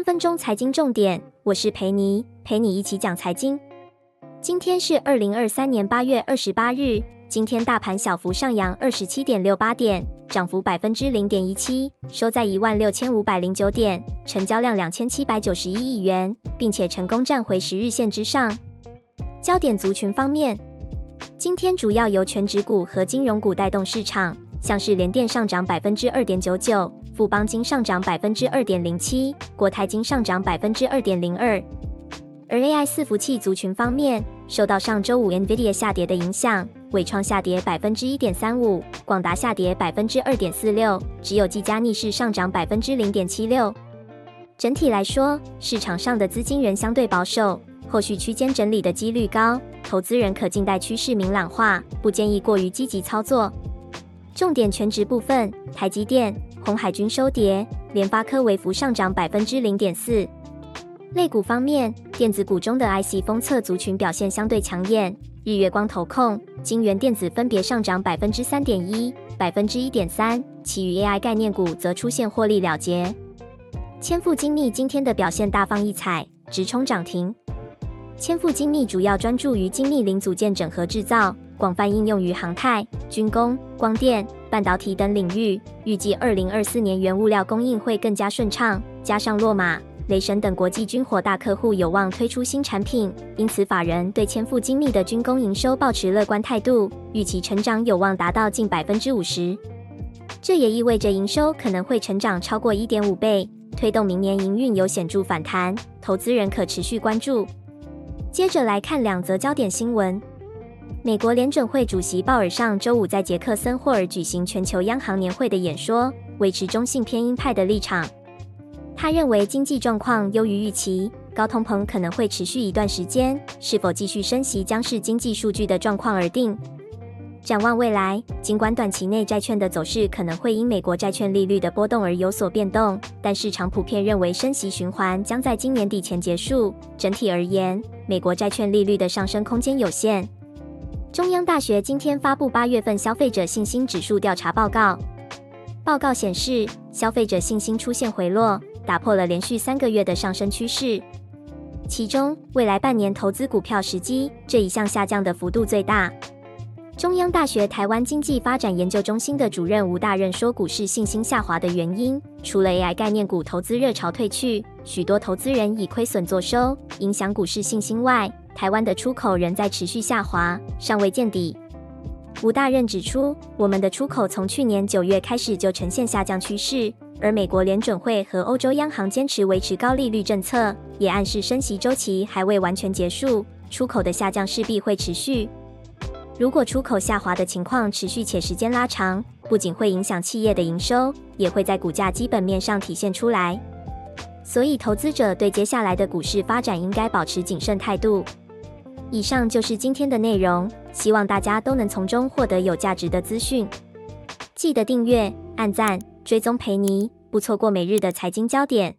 三分鐘財經重點，我是裴妮，陪你一起講財經。今天是二零二三年八月二十八日，今天大盤小幅上揚二十七點六八點，漲幅百分之零點一七，收在一萬六千五百零九點，成交量兩千七百九十一億元，並且成功站回十日線之上。焦點族群方面，今天主要由權值股和金融股帶動市場。像是聯電上漲百分之二點九九，富邦金上漲百分之二點零七，國泰金上漲百分之二點零二。而 AI 伺服器族群方面，受到上周五 NVIDIA 下跌的影響，緯創下跌百分之一點三五，廣達下跌百分之二點四六，只有技嘉逆勢上漲百分之零點七六。整體來說，市場上的資金仍相對保守，後續區間整理的幾率高，投資人可靜待趨勢明朗化，不建議過於積極操作。重點權值部分，台積電、鴻海均收跌，聯發科微幅上漲百分之零點四。類股方面，電子股中的 IC 封測族群表現相對搶眼，日月光投控、京元電子分別上漲百分之三點一、百分之一點三，其餘 AI 概念股則出現獲利了結。千附精密今天的表現大放異彩，直衝漲停。千附精密主要專注於精密零組件整合制造，廣泛應用於航太、軍工、光電、半導體等領域。預計二零二四年原物料供應會更加順暢，加上洛馬、雷神等國際軍火大客戶有望推出新產品，因此法人對千附精密的軍工營收保持樂觀態度，預期成長有望達到近百分之五十。這也意味着營收可能會成長超過一點五倍，推動明年營運有顯著反彈，投資人可持續關注。接着來看兩則焦點新聞。美國聯準會主席鮑爾上周五在傑克森霍爾舉行全球央行年會的演說，維持中性偏鷹派的立場。他認為經濟狀況優於預期，高通膨可能會持續一段時間，是否繼續升息將視經濟數據的狀況而定。展望未來，儘管短期內債券的走勢可能會因美國債券利率的波動而有所變動，但市場普遍認為升息循環將在今年底前結束。整體而言，美國債券利率的上升空間有限。中央大學今天發布八月份消費者信心指數調查報告，報告顯示，消費者信心出現回落，打破了連續三個月的上升趨勢。其中，未來半年投資股票時機這一項下降的幅度最大。中央大學臺灣經濟發展研究中心的主任吳大任說，股市信心下滑的原因，除了 AI 概念股投資熱潮退去，許多投資人以虧損作收，影響股市信心外，台灣的出口仍在持續下滑，尚未見底。吳大任指出，我們的出口從去年九月開始就呈現下降趨勢，而美國聯準會和歐洲央行堅持維持高利率政策，也暗示升息週期還未完全結束，出口的下降勢必會持續。如果出口下滑的情況持續且時間拉長，不僅會影響企業的營收，也會在股價基本面上體現出來。所以，投資者對接下來的股市發展應該保持謹慎態度。以上就是今天的內容，希望大家都能從中獲得有價值的資訊。記得訂閱、按讚、追蹤裴妮，不錯過每日的財經焦點。